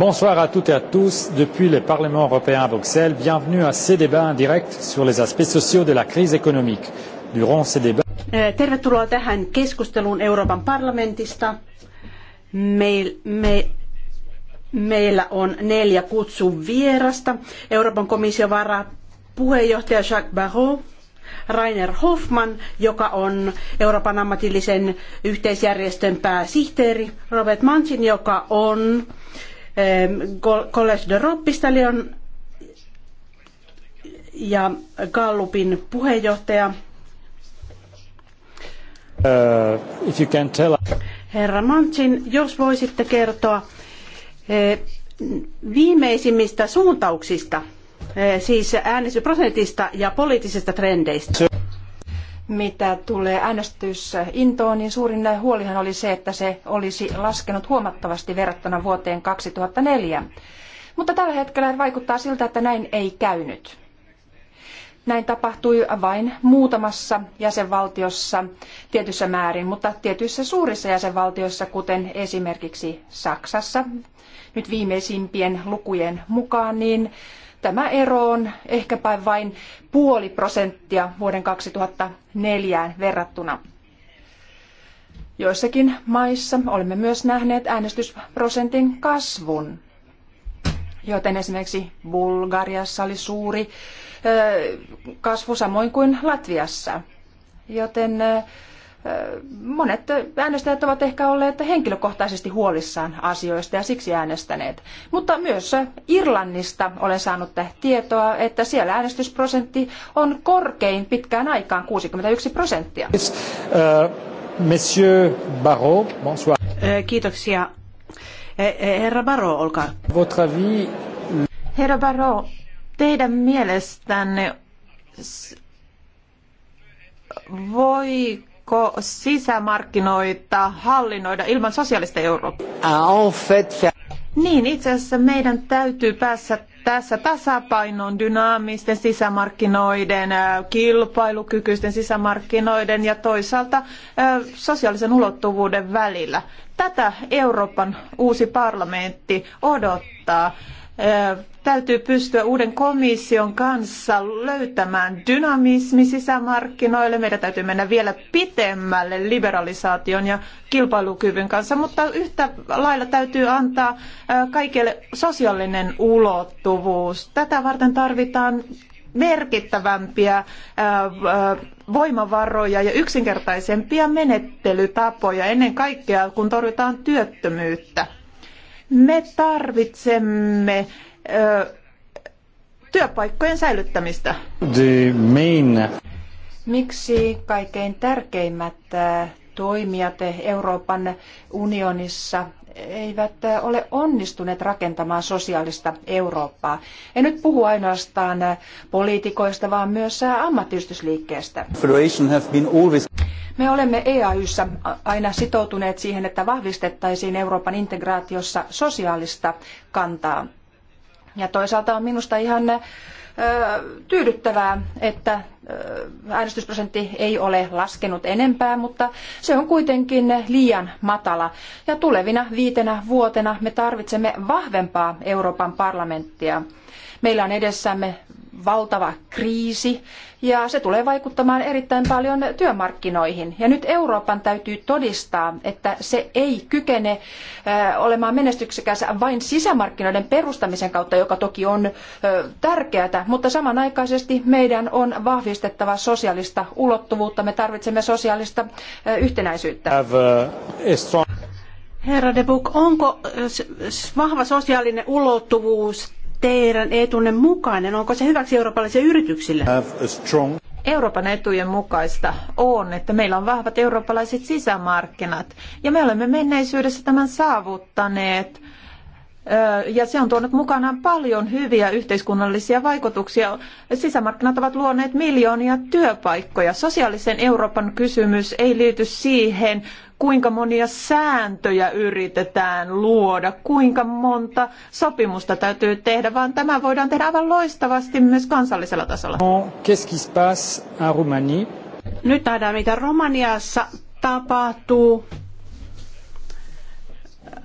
Bonsoir à toutes et à tous depuis le Parlement européen à Bruxelles. Bienvenue à ce débat en direct sur les aspects sociaux de la crise économique. Durant ce débat... Eh, tervetuloa tähän keskusteluun Euroopan parlamentista. Meil, me, meillä on neljä kutsun vierasta. Euroopan komission vara puheenjohtaja Jacques Barrault, Rainer Hoffman, joka on Euroopan ammatillisen yhteisjärjestön pääsihteeri, Robert Manchin, joka on Collège de Leon, ja Gallupin puheenjohtaja. Uh, if you can tell... Herra Manchin, jos voisitte kertoa e, viimeisimmistä suuntauksista, e, siis äänestysprosentista ja poliittisista trendeistä mitä tulee äänestysintoon, niin suurin huolihan oli se, että se olisi laskenut huomattavasti verrattuna vuoteen 2004. Mutta tällä hetkellä vaikuttaa siltä, että näin ei käynyt. Näin tapahtui vain muutamassa jäsenvaltiossa tietyssä määrin, mutta tietyissä suurissa jäsenvaltioissa, kuten esimerkiksi Saksassa, nyt viimeisimpien lukujen mukaan, niin Tämä ero on ehkäpä vain puoli prosenttia vuoden 2004 verrattuna. Joissakin maissa olemme myös nähneet äänestysprosentin kasvun, joten esimerkiksi Bulgariassa oli suuri kasvu samoin kuin Latviassa. Joten monet äänestäjät ovat ehkä olleet henkilökohtaisesti huolissaan asioista ja siksi äänestäneet. Mutta myös Irlannista olen saanut tietoa, että siellä äänestysprosentti on korkein pitkään aikaan 61 prosenttia. Uh, Monsieur Barrault, bonsoir. Eh, kiitoksia. Eh, eh, herra Barrault, olkaa. Votre avis... Herra Barrault, teidän mielestänne voi voidaanko sisämarkkinoita hallinnoida ilman sosiaalista Eurooppaa? Niin, itse asiassa meidän täytyy päästä tässä tasapainon dynaamisten sisämarkkinoiden, kilpailukykyisten sisämarkkinoiden ja toisaalta sosiaalisen ulottuvuuden välillä. Tätä Euroopan uusi parlamentti odottaa täytyy pystyä uuden komission kanssa löytämään dynamismi sisämarkkinoille. Meidän täytyy mennä vielä pitemmälle liberalisaation ja kilpailukyvyn kanssa, mutta yhtä lailla täytyy antaa kaikille sosiaalinen ulottuvuus. Tätä varten tarvitaan merkittävämpiä voimavaroja ja yksinkertaisempia menettelytapoja ennen kaikkea, kun torjutaan työttömyyttä. Me tarvitsemme ö, työpaikkojen säilyttämistä. The main. Miksi kaikkein tärkeimmät toimijat Euroopan unionissa eivät ole onnistuneet rakentamaan sosiaalista Eurooppaa. En nyt puhu ainoastaan poliitikoista, vaan myös ammattiyhdistysliikkeestä. Always... Me olemme EAYssä aina sitoutuneet siihen, että vahvistettaisiin Euroopan integraatiossa sosiaalista kantaa. Ja toisaalta on minusta ihan tyydyttävää, että äänestysprosentti ei ole laskenut enempää, mutta se on kuitenkin liian matala. Ja tulevina viitenä vuotena me tarvitsemme vahvempaa Euroopan parlamenttia. Meillä on edessämme valtava kriisi ja se tulee vaikuttamaan erittäin paljon työmarkkinoihin. Ja nyt Euroopan täytyy todistaa, että se ei kykene äh, olemaan menestyksekäs vain sisämarkkinoiden perustamisen kautta, joka toki on äh, tärkeää, mutta samanaikaisesti meidän on vahvistettava sosiaalista ulottuvuutta. Me tarvitsemme sosiaalista äh, yhtenäisyyttä. Uh, Herra De onko vahva sosiaalinen ulottuvuus teidän etunne mukainen? Onko se hyväksi eurooppalaisille yrityksille? Euroopan etujen mukaista on, että meillä on vahvat eurooppalaiset sisämarkkinat ja me olemme menneisyydessä tämän saavuttaneet. Ja se on tuonut mukanaan paljon hyviä yhteiskunnallisia vaikutuksia. Sisämarkkinat ovat luoneet miljoonia työpaikkoja. Sosiaalisen Euroopan kysymys ei liity siihen, kuinka monia sääntöjä yritetään luoda, kuinka monta sopimusta täytyy tehdä, vaan tämä voidaan tehdä aivan loistavasti myös kansallisella tasolla. Nyt nähdään, mitä Romaniassa tapahtuu.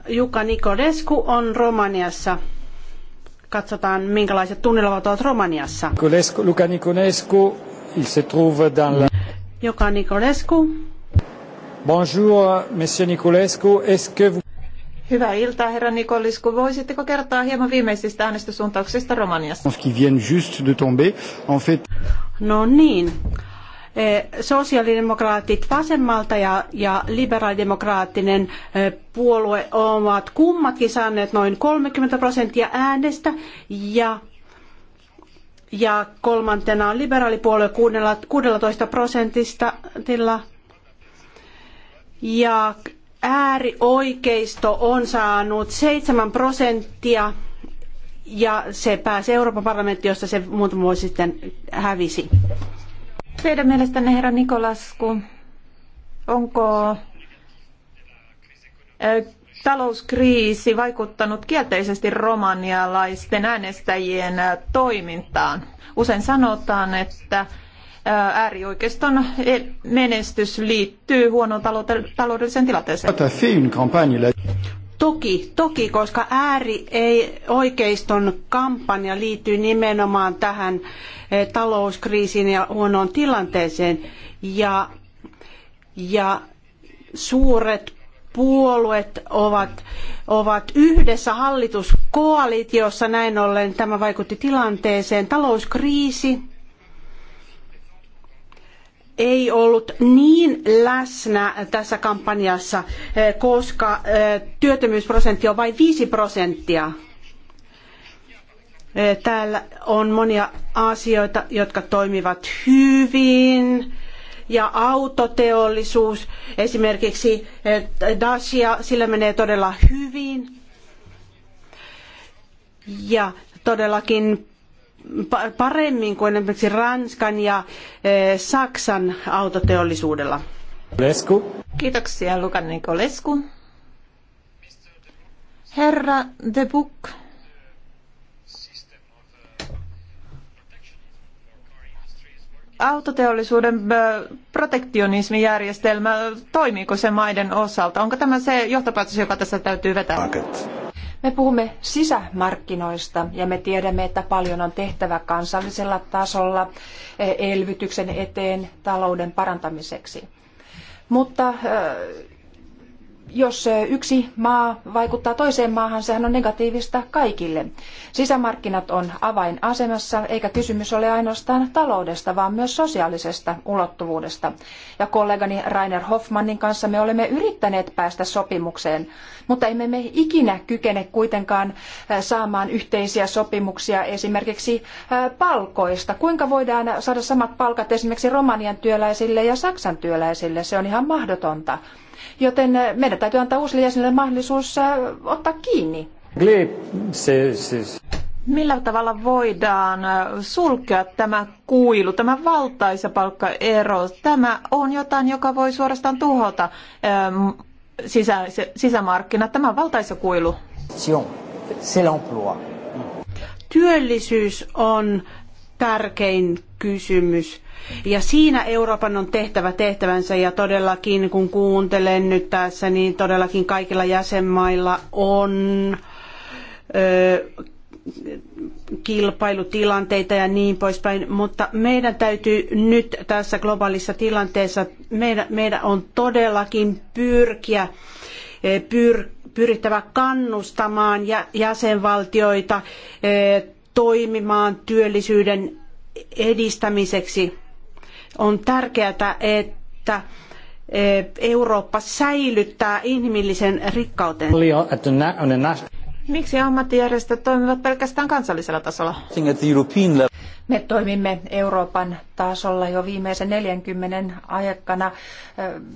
Jukka Nikodescu on Romaniassa. Katsotaan, minkälaiset tunnelmat ovat Romaniassa. Luka Nikodescu, il se trouve dans la... Nikodescu Hyvää iltaa, herra Nikolisku. Voisitteko kertoa hieman viimeisistä äänestyssuuntauksista Romaniassa? No niin. Eh, sosiaalidemokraatit vasemmalta ja, ja liberaalidemokraattinen eh, puolue ovat kummatkin saaneet noin 30 prosenttia äänestä ja ja kolmantena on liberaalipuolue 16 prosentista ja äärioikeisto on saanut seitsemän prosenttia ja se pääsi Euroopan parlamenttiin, josta se muutama vuosi sitten hävisi. Teidän mielestänne, herra Nikolasku, onko talouskriisi vaikuttanut kielteisesti romanialaisten äänestäjien toimintaan? Usein sanotaan, että äärioikeiston menestys liittyy huonoon taloudelliseen tilanteeseen. Toki, toki, koska ääri ei oikeiston kampanja liittyy nimenomaan tähän eh, talouskriisiin ja huonoon tilanteeseen. Ja, ja suuret puolueet ovat, ovat yhdessä hallituskoalitiossa, näin ollen tämä vaikutti tilanteeseen. Talouskriisi ei ollut niin läsnä tässä kampanjassa, eh, koska eh, työttömyysprosentti on vain viisi prosenttia. Eh, täällä on monia asioita, jotka toimivat hyvin ja autoteollisuus, esimerkiksi Dacia, sillä menee todella hyvin. Ja todellakin paremmin kuin esimerkiksi Ranskan ja eh, Saksan autoteollisuudella. Lesku. Kiitoksia Lukan Nikolesku. Herra De Book. autoteollisuuden eh, protektionismijärjestelmä, toimiiko se maiden osalta? Onko tämä se johtopäätös, joka tässä täytyy vetää? Me puhumme sisämarkkinoista ja me tiedämme, että paljon on tehtävä kansallisella tasolla eh, elvytyksen eteen talouden parantamiseksi. Mutta eh, jos yksi maa vaikuttaa toiseen maahan, sehän on negatiivista kaikille. Sisämarkkinat on avainasemassa, eikä kysymys ole ainoastaan taloudesta, vaan myös sosiaalisesta ulottuvuudesta. Ja kollegani Rainer Hoffmannin kanssa me olemme yrittäneet päästä sopimukseen, mutta emme me ikinä kykene kuitenkaan saamaan yhteisiä sopimuksia esimerkiksi palkoista. Kuinka voidaan saada samat palkat esimerkiksi romanian työläisille ja saksan työläisille? Se on ihan mahdotonta. Joten eh, meidän täytyy antaa uusille jäsenille mahdollisuus eh, ottaa kiinni. Millä tavalla voidaan eh, sulkea tämä kuilu, tämä valtaisa palkkaero? Tämä on jotain, joka voi suorastaan tuhota sisä, sisämarkkinat, tämä valtaisa kuilu. Työllisyys on tärkein kysymys. Ja siinä Euroopan on tehtävä tehtävänsä ja todellakin kun kuuntelen nyt tässä, niin todellakin kaikilla jäsenmailla on ö, kilpailutilanteita ja niin poispäin, mutta meidän täytyy nyt tässä globaalissa tilanteessa, meidän, meidän on todellakin pyrkiä, e, pyr, pyrittävä kannustamaan jäsenvaltioita e, toimimaan työllisyyden edistämiseksi. On tärkeää, että eh, Eurooppa säilyttää inhimillisen rikkauteen. Miksi ammattijärjestöt toimivat pelkästään kansallisella tasolla? Me toimimme Euroopan tasolla jo viimeisen 40 aikana.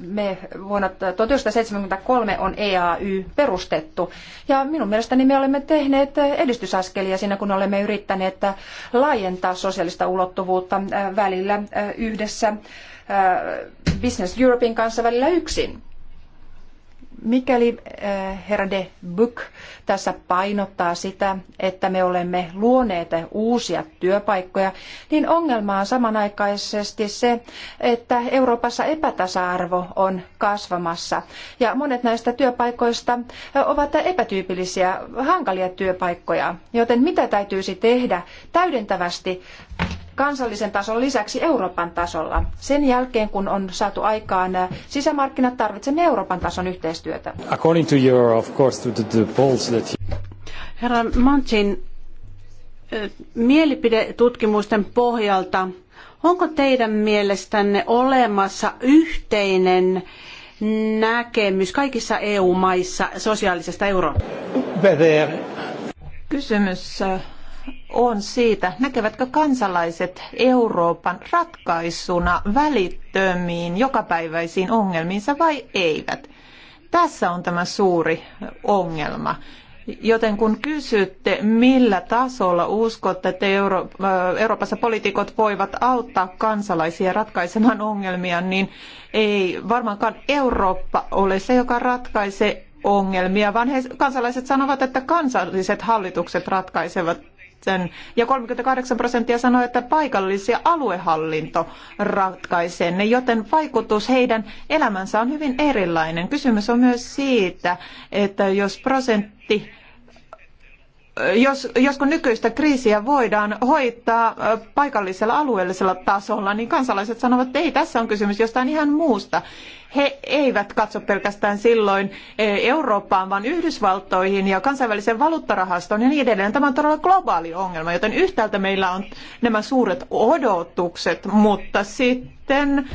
Me vuonna 1973 on EAY perustettu ja minun mielestäni me olemme tehneet edistysaskelia siinä, kun olemme yrittäneet laajentaa sosiaalista ulottuvuutta välillä yhdessä eh, Business Europein kanssa välillä yksin. Mikäli eh, herra de Buc tässä painottaa sitä, että me olemme luoneet uusia työpaikkoja, niin ongelma on samanaikaisesti se, että Euroopassa epätasa-arvo on kasvamassa. Ja monet näistä työpaikoista ovat epätyypillisiä, hankalia työpaikkoja. Joten mitä täytyisi tehdä täydentävästi kansallisen tason lisäksi Euroopan tasolla. Sen jälkeen, kun on saatu aikaan äh, sisämarkkinat, tarvitsemme Euroopan tason yhteistyötä. According to your, of course, to the, polls that you... Herra Manchin, äh, mielipidetutkimusten pohjalta, onko teidän mielestänne olemassa yhteinen näkemys kaikissa EU-maissa sosiaalisesta Euroopasta? Kysymys äh, on siitä, näkevätkö kansalaiset Euroopan ratkaisuna välittömiin jokapäiväisiin ongelmiinsa vai eivät. Tässä on tämä suuri ongelma. Joten kun kysytte, millä tasolla uskotte, että Euro- äh, Euroopassa poliitikot voivat auttaa kansalaisia ratkaisemaan ongelmia, niin ei varmaankaan Eurooppa ole se, joka ratkaisee ongelmia, vaan he, kansalaiset sanovat, että kansalliset hallitukset ratkaisevat sen. Ja 38 prosenttia sanoi, että paikallisia aluehallinto ratkaisee ne, joten vaikutus heidän elämänsä on hyvin erilainen. Kysymys on myös siitä, että jos prosentti jos, jos kun nykyistä kriisiä voidaan hoitaa paikallisella alueellisella tasolla, niin kansalaiset sanovat, että ei, tässä on kysymys jostain ihan muusta. He eivät katso pelkästään silloin Eurooppaan, vaan Yhdysvaltoihin ja kansainvälisen valuuttarahastoon ja niin edelleen. Tämä on todella globaali ongelma, joten yhtäältä meillä on nämä suuret odotukset, mutta sitten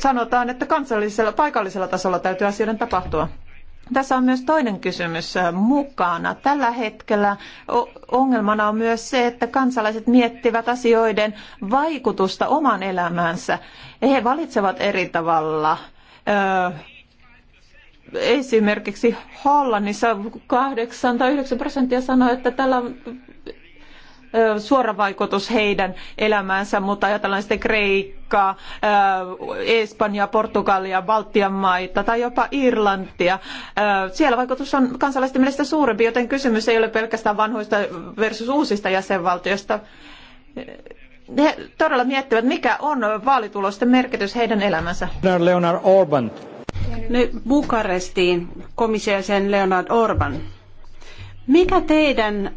sanotaan, että kansallisella, paikallisella tasolla täytyy asioiden tapahtua. Tässä on myös toinen kysymys äh, mukana. Tällä hetkellä ongelmana on myös se, että kansalaiset miettivät asioiden vaikutusta oman elämäänsä. He valitsevat eri tavalla äh, esimerkiksi Hollannissa 8 tai 9 prosenttia sanoi, että tällä suora vaikutus heidän elämäänsä, mutta ajatellaan sitten Kreikkaa, Espanjaa, Portugalia, Baltian maita tai jopa Irlantia. Siellä vaikutus on kansalaisten mielestä suurempi, joten kysymys ei ole pelkästään vanhoista versus uusista jäsenvaltioista. He todella miettivät, mikä on vaalitulosten merkitys heidän elämänsä. Leonard Orban. Nyt Bukarestiin komissiaisen Leonard Orban. Mikä teidän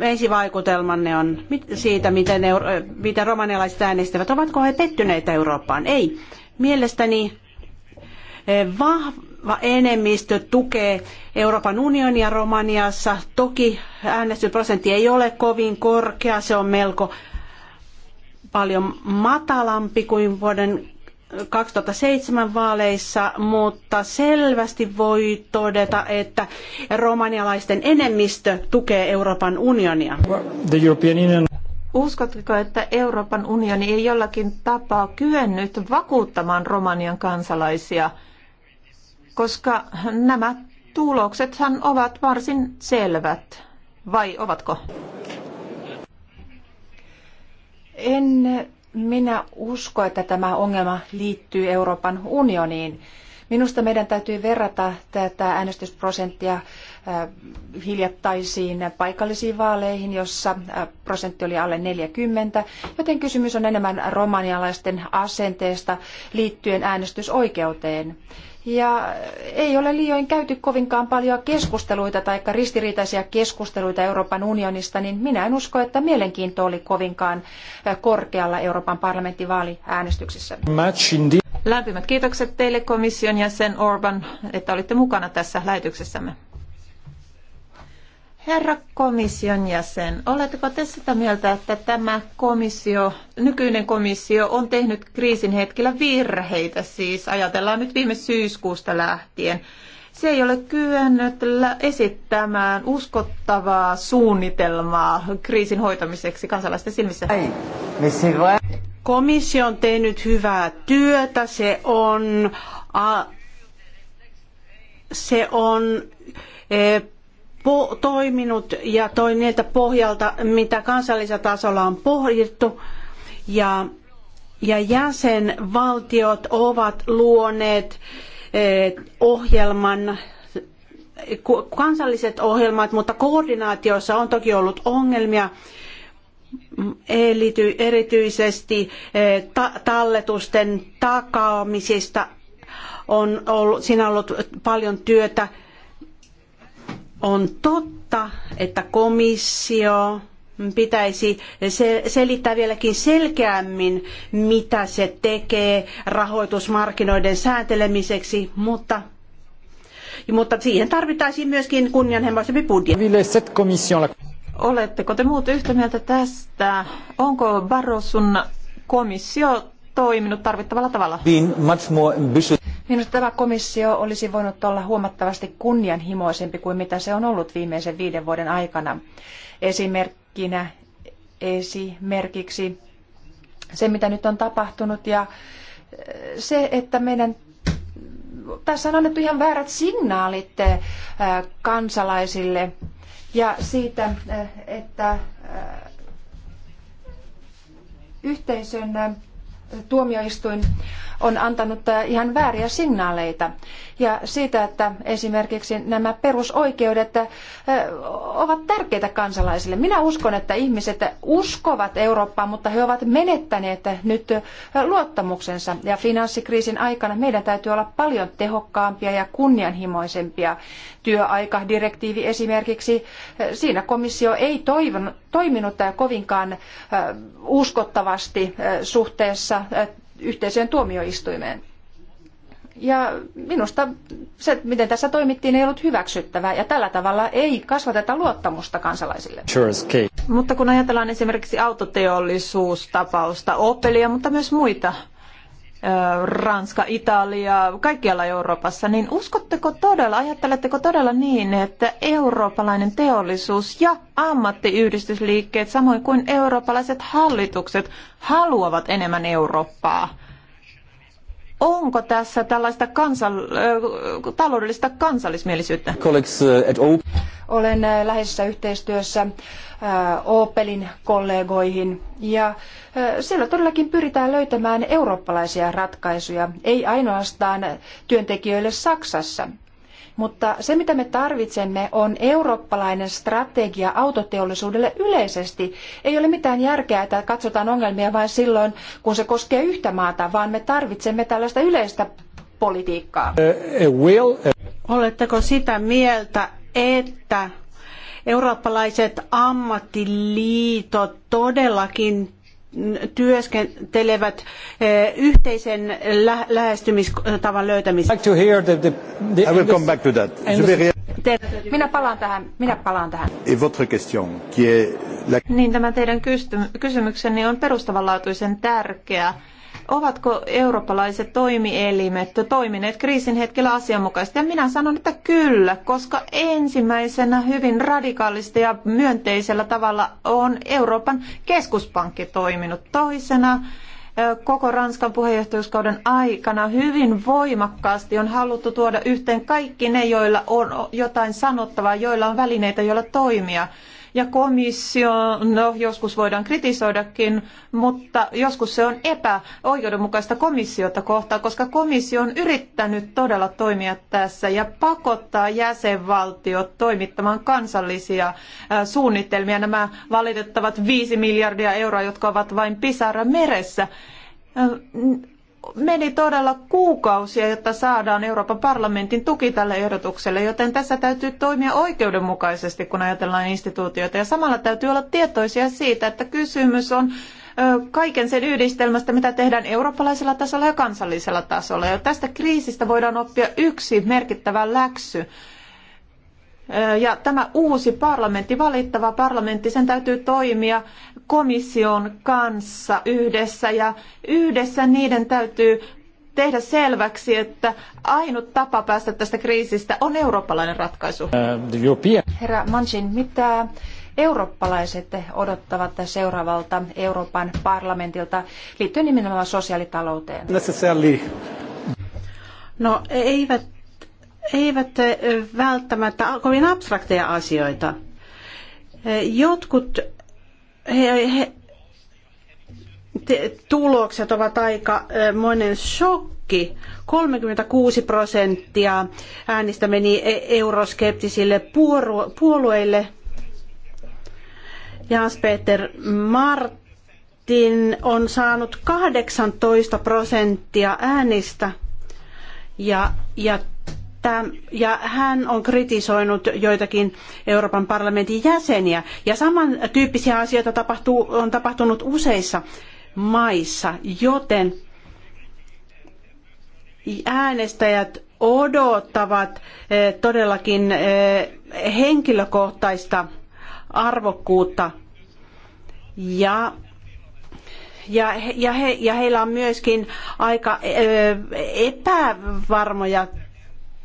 ensivaikutelmanne on siitä, miten, euro, miten romanialaiset äänestävät? Ovatko he pettyneitä Eurooppaan? Ei. Mielestäni eh, vahva enemmistö tukee Euroopan unionia Romaniassa. Toki äänestysprosentti ei ole kovin korkea, se on melko paljon matalampi kuin vuoden 2007 vaaleissa, mutta selvästi voi todeta, että romanialaisten enemmistö tukee Euroopan unionia. Uskotteko, että Euroopan unioni ei jollakin tapaa kyennyt vakuuttamaan Romanian kansalaisia, koska nämä tuloksethan ovat varsin selvät, vai ovatko? En minä uskon, että tämä ongelma liittyy Euroopan unioniin. Minusta meidän täytyy verrata tätä äänestysprosenttia äh, hiljattaisiin paikallisiin vaaleihin, jossa äh, prosentti oli alle 40, joten kysymys on enemmän romanialaisten asenteesta liittyen äänestysoikeuteen. Ja ei ole liioin käyty kovinkaan paljon keskusteluita tai ristiriitaisia keskusteluita Euroopan unionista, niin minä en usko, että mielenkiinto oli kovinkaan korkealla Euroopan parlamentin vaaliäänestyksessä. Lämpimät kiitokset teille komission jäsen Orban, että olitte mukana tässä lähetyksessämme. Herra komission jäsen, oletteko te sitä mieltä, että tämä komissio, nykyinen komissio on tehnyt kriisin hetkellä virheitä, siis ajatellaan nyt viime syyskuusta lähtien. Se ei ole kyennyt esittämään uskottavaa suunnitelmaa kriisin hoitamiseksi kansalaisten silmissä. Komissio on tehnyt hyvää työtä, se on, se on eh, toiminut ja toi niiltä pohjalta, mitä kansallisella tasolla on pohdittu. Ja, ja jäsenvaltiot ovat luoneet eh, ohjelman kansalliset ohjelmat, mutta koordinaatiossa on toki ollut ongelmia erityisesti eh, talletusten takaamisesta on ollut, siinä on ollut paljon työtä on totta, että komissio pitäisi selittää vieläkin selkeämmin, mitä se tekee rahoitusmarkkinoiden sääntelemiseksi, mutta mutta siihen tarvittaisiin myöskin kunnianhimoisempi budjetti. Oletteko te muut yhtä mieltä tästä? Onko Barrosun komissio toiminut tarvittavalla tavalla? Minusta tämä komissio olisi voinut olla huomattavasti kunnianhimoisempi kuin mitä se on ollut viimeisen viiden vuoden aikana. Esimerkkinä esimerkiksi se, mitä nyt on tapahtunut ja eh, se, että meidän tässä on annettu ihan väärät signaalit eh, kansalaisille ja siitä, eh, että yhteisön tuomioistuin on antanut äh, ihan vääriä signaaleita. Ja siitä, että esimerkiksi nämä perusoikeudet äh, ovat tärkeitä kansalaisille. Minä uskon, että ihmiset uskovat Eurooppaan, mutta he ovat menettäneet nyt äh, luottamuksensa. Ja finanssikriisin aikana meidän täytyy olla paljon tehokkaampia ja kunnianhimoisempia. Työaikadirektiivi esimerkiksi, siinä komissio ei toivon, toiminut kovinkaan uskottavasti suhteessa yhteiseen tuomioistuimeen. Ja minusta se, miten tässä toimittiin, ei ollut hyväksyttävää ja tällä tavalla ei kasvateta luottamusta kansalaisille. Mutta kun ajatellaan esimerkiksi autoteollisuustapausta, Opelia, mutta myös muita Ranska, Italia, kaikkialla Euroopassa, niin uskotteko todella, ajatteletteko todella niin, että eurooppalainen teollisuus ja ammattiyhdistysliikkeet, samoin kuin eurooppalaiset hallitukset, haluavat enemmän Eurooppaa? Onko tässä tällaista kansal- taloudellista kansallismielisyyttä? Äh, Olen äh, läheisessä yhteistyössä äh, Opelin kollegoihin ja siellä todellakin pyritään löytämään eurooppalaisia ratkaisuja, ei ainoastaan työntekijöille Saksassa, mutta se, mitä me tarvitsemme, on eurooppalainen strategia autoteollisuudelle yleisesti. Ei ole mitään järkeä, että katsotaan ongelmia vain silloin, kun se koskee yhtä maata, vaan me tarvitsemme tällaista yleistä politiikkaa. Eh, eh, eh. Oletteko sitä mieltä, että eurooppalaiset ammattiliitot todellakin työskentelevät eh, yhteisen lä- lähestymistavan löytämiseksi. Minä palaan tähän. Minä palaan tähän. Et votre question, qui est la... Niin tämä teidän kysymyksenne on perustavanlaatuisen tärkeä Ovatko eurooppalaiset toimielimet toimineet kriisin hetkellä asianmukaisesti? Ja minä sanon, että kyllä, koska ensimmäisenä hyvin radikaalista ja myönteisellä tavalla on Euroopan keskuspankki toiminut. Toisena koko Ranskan puheenjohtajuuskauden aikana hyvin voimakkaasti on haluttu tuoda yhteen kaikki ne, joilla on jotain sanottavaa, joilla on välineitä, joilla toimia. Ja komissio, no joskus voidaan kritisoidakin, mutta joskus se on epäoikeudenmukaista komissiota kohtaan, koska komissio on yrittänyt todella toimia tässä ja pakottaa jäsenvaltiot toimittamaan kansallisia äh, suunnitelmia. Nämä valitettavat viisi miljardia euroa, jotka ovat vain pisara meressä äh, meni todella kuukausia, jotta saadaan Euroopan parlamentin tuki tälle ehdotukselle, joten tässä täytyy toimia oikeudenmukaisesti, kun ajatellaan instituutioita. Ja samalla täytyy olla tietoisia siitä, että kysymys on kaiken sen yhdistelmästä, mitä tehdään eurooppalaisella tasolla ja kansallisella tasolla. Ja tästä kriisistä voidaan oppia yksi merkittävä läksy. Ja tämä uusi parlamentti, valittava parlamentti, sen täytyy toimia komission kanssa yhdessä ja yhdessä niiden täytyy tehdä selväksi, että ainut tapa päästä tästä kriisistä on eurooppalainen ratkaisu. Herra Manchin, mitä eurooppalaiset odottavat seuraavalta Euroopan parlamentilta liittyen nimenomaan sosiaalitalouteen? No eivät eivät välttämättä kovin abstrakteja asioita. E, jotkut he, he, te, tulokset ovat aika monen shokki. 36 prosenttia äänistä meni e, euroskeptisille puolueille. Jans-Peter Martin on saanut 18 prosenttia äänistä ja, ja että, ja hän on kritisoinut joitakin Euroopan parlamentin jäseniä. Ja samantyyppisiä asioita tapahtuu, on tapahtunut useissa maissa, joten äänestäjät odottavat eh, todellakin eh, henkilökohtaista arvokkuutta ja ja, he, ja, he, ja heillä on myöskin aika eh, epävarmoja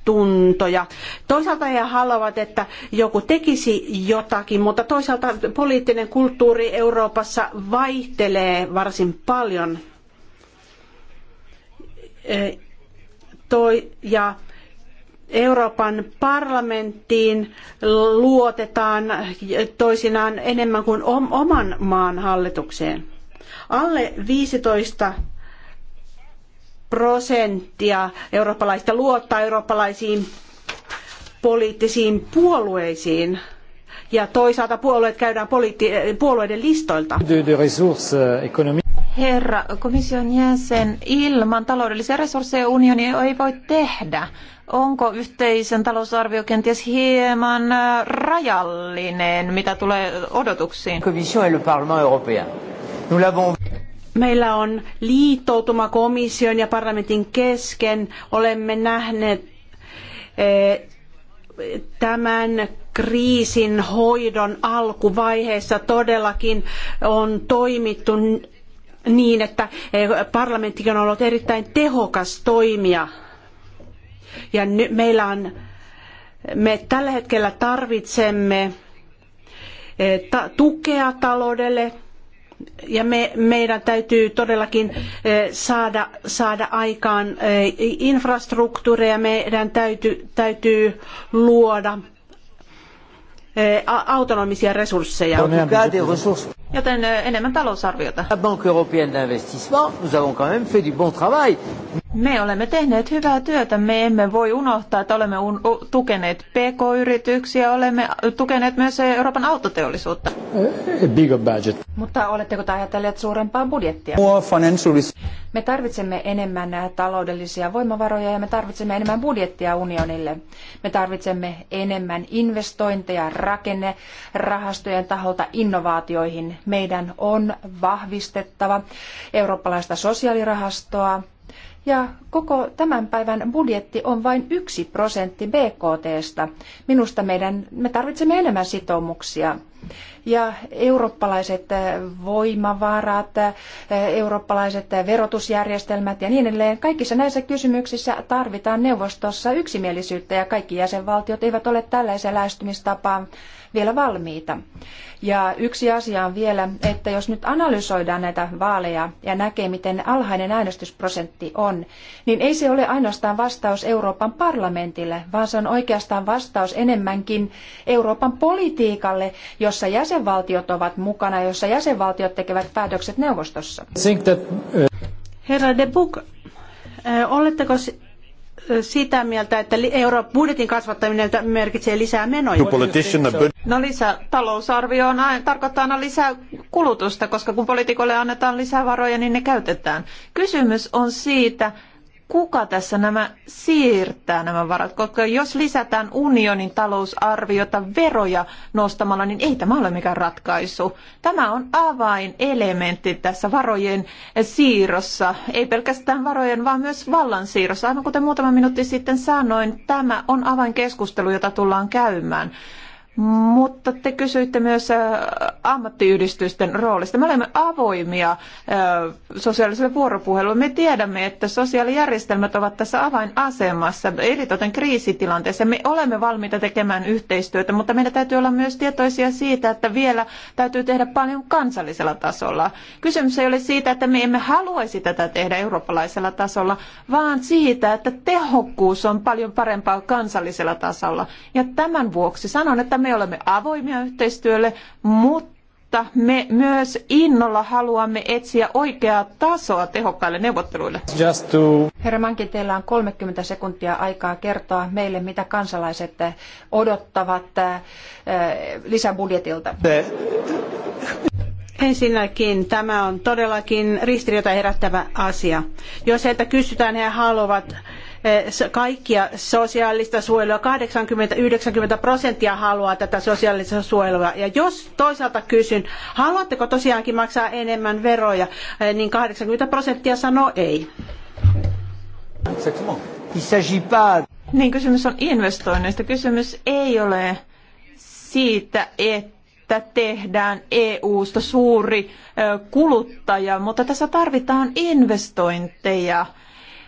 tuntoja. Toisaalta he haluavat, että joku tekisi jotakin, mutta toisaalta poliittinen kulttuuri Euroopassa vaihtelee varsin paljon. E, ja Euroopan parlamenttiin luotetaan toisinaan enemmän kuin oman maan hallitukseen. Alle 15 prosenttia eurooppalaista luottaa eurooppalaisiin poliittisiin puolueisiin ja toisaalta puolueet käydään puolueiden listoilta. Euh, Herra komission jäsen, ilman taloudellisia resursseja unioni ei voi tehdä. Onko yhteisen talousarvio kenties hieman äh, rajallinen, mitä tulee odotuksiin? Komission ja Parlement européen. Nous l'avons meillä on liittoutuma komission ja parlamentin kesken. Olemme nähneet eh, tämän kriisin hoidon alkuvaiheessa todellakin on toimittu niin, että eh, parlamenttikin on ollut erittäin tehokas toimija. Ja meillä on, me tällä hetkellä tarvitsemme eh, tukea taloudelle, ja me, meidän täytyy todellakin eh, saada, saada aikaan eh, infrastruktuureja, meidän täytyy, täytyy luoda eh, autonomisia resursseja joten enemmän talousarviota. Me olemme tehneet hyvää työtä. Me emme voi unohtaa, että olemme un- tukeneet PK-yrityksiä, olemme tukeneet myös Euroopan autoteollisuutta. Eh, eh, budget. Mutta oletteko te ajatelleet suurempaa budjettia? Me tarvitsemme enemmän taloudellisia voimavaroja ja me tarvitsemme enemmän budjettia unionille. Me tarvitsemme enemmän investointeja rakenne rahastojen taholta innovaatioihin meidän on vahvistettava eurooppalaista sosiaalirahastoa. Ja koko tämän päivän budjetti on vain yksi prosentti BKTstä. Minusta meidän, me tarvitsemme enemmän sitoumuksia ja eurooppalaiset eh, voimavarat, eh, eurooppalaiset eh, verotusjärjestelmät ja niin edelleen. Kaikissa näissä kysymyksissä tarvitaan neuvostossa yksimielisyyttä ja kaikki jäsenvaltiot eivät ole tällaiseen lähestymistapaan vielä valmiita. Ja yksi asia on vielä, että jos nyt analysoidaan näitä vaaleja ja näkee, miten alhainen äänestysprosentti on, niin ei se ole ainoastaan vastaus Euroopan parlamentille, vaan se on oikeastaan vastaus enemmänkin Euroopan politiikalle, jossa jäsen jäsenvaltiot ovat mukana, jossa jäsenvaltiot tekevät päätökset neuvostossa. Uh, Herra De Buk, uh, oletteko uh, sitä mieltä, että Euroopan budjetin kasvattaminen merkitsee lisää menoja. No lisää talousarvio on aina, tarkoittaa aina lisää kulutusta, koska kun poliitikolle annetaan lisää varoja, niin ne käytetään. Kysymys on siitä, kuka tässä nämä siirtää nämä varat, koska jos lisätään unionin talousarviota veroja nostamalla, niin ei tämä ole mikään ratkaisu. Tämä on avainelementti tässä varojen siirrossa, ei pelkästään varojen, vaan myös vallan siirrossa. Aivan kuten muutama minuutti sitten sanoin, tämä on avainkeskustelu, jota tullaan käymään. Mutta te kysyitte myös äh, ammattiyhdistysten roolista. Me olemme avoimia äh, sosiaaliselle vuoropuhelulle. Me tiedämme, että sosiaalijärjestelmät ovat tässä avainasemassa, eritoten kriisitilanteessa. Me olemme valmiita tekemään yhteistyötä, mutta meidän täytyy olla myös tietoisia siitä, että vielä täytyy tehdä paljon kansallisella tasolla. Kysymys ei ole siitä, että me emme haluaisi tätä tehdä eurooppalaisella tasolla, vaan siitä, että tehokkuus on paljon parempaa kansallisella tasolla. Ja tämän vuoksi sanon, että me me olemme avoimia yhteistyölle, mutta me myös innolla haluamme etsiä oikeaa tasoa tehokkaille neuvotteluille. Just to... Herra Manki, teillä on 30 sekuntia aikaa kertoa meille, mitä kansalaiset odottavat äh, lisäbudjetilta. The... Ensinnäkin tämä on todellakin ristiriita herättävä asia. Jos heiltä kysytään, he haluavat Eh, kaikkia sosiaalista suojelua. 80-90 prosenttia haluaa tätä sosiaalista suojelua. Ja jos toisaalta kysyn, haluatteko tosiaankin maksaa enemmän veroja, eh, niin 80 prosenttia sanoo ei. Niin kysymys on investoinneista. Kysymys ei ole siitä, että että tehdään EU-sta suuri eh, kuluttaja, mutta tässä tarvitaan investointeja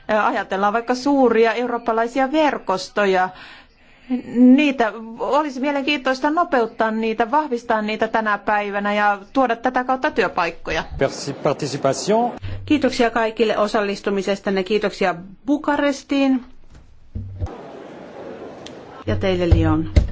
Ajatellaan vaikka suuria eurooppalaisia verkostoja. Niitä olisi mielenkiintoista nopeuttaa niitä, vahvistaa niitä tänä päivänä ja tuoda tätä kautta työpaikkoja. Kiitoksia kaikille osallistumisestanne. Kiitoksia Bukarestiin ja teille Lyon.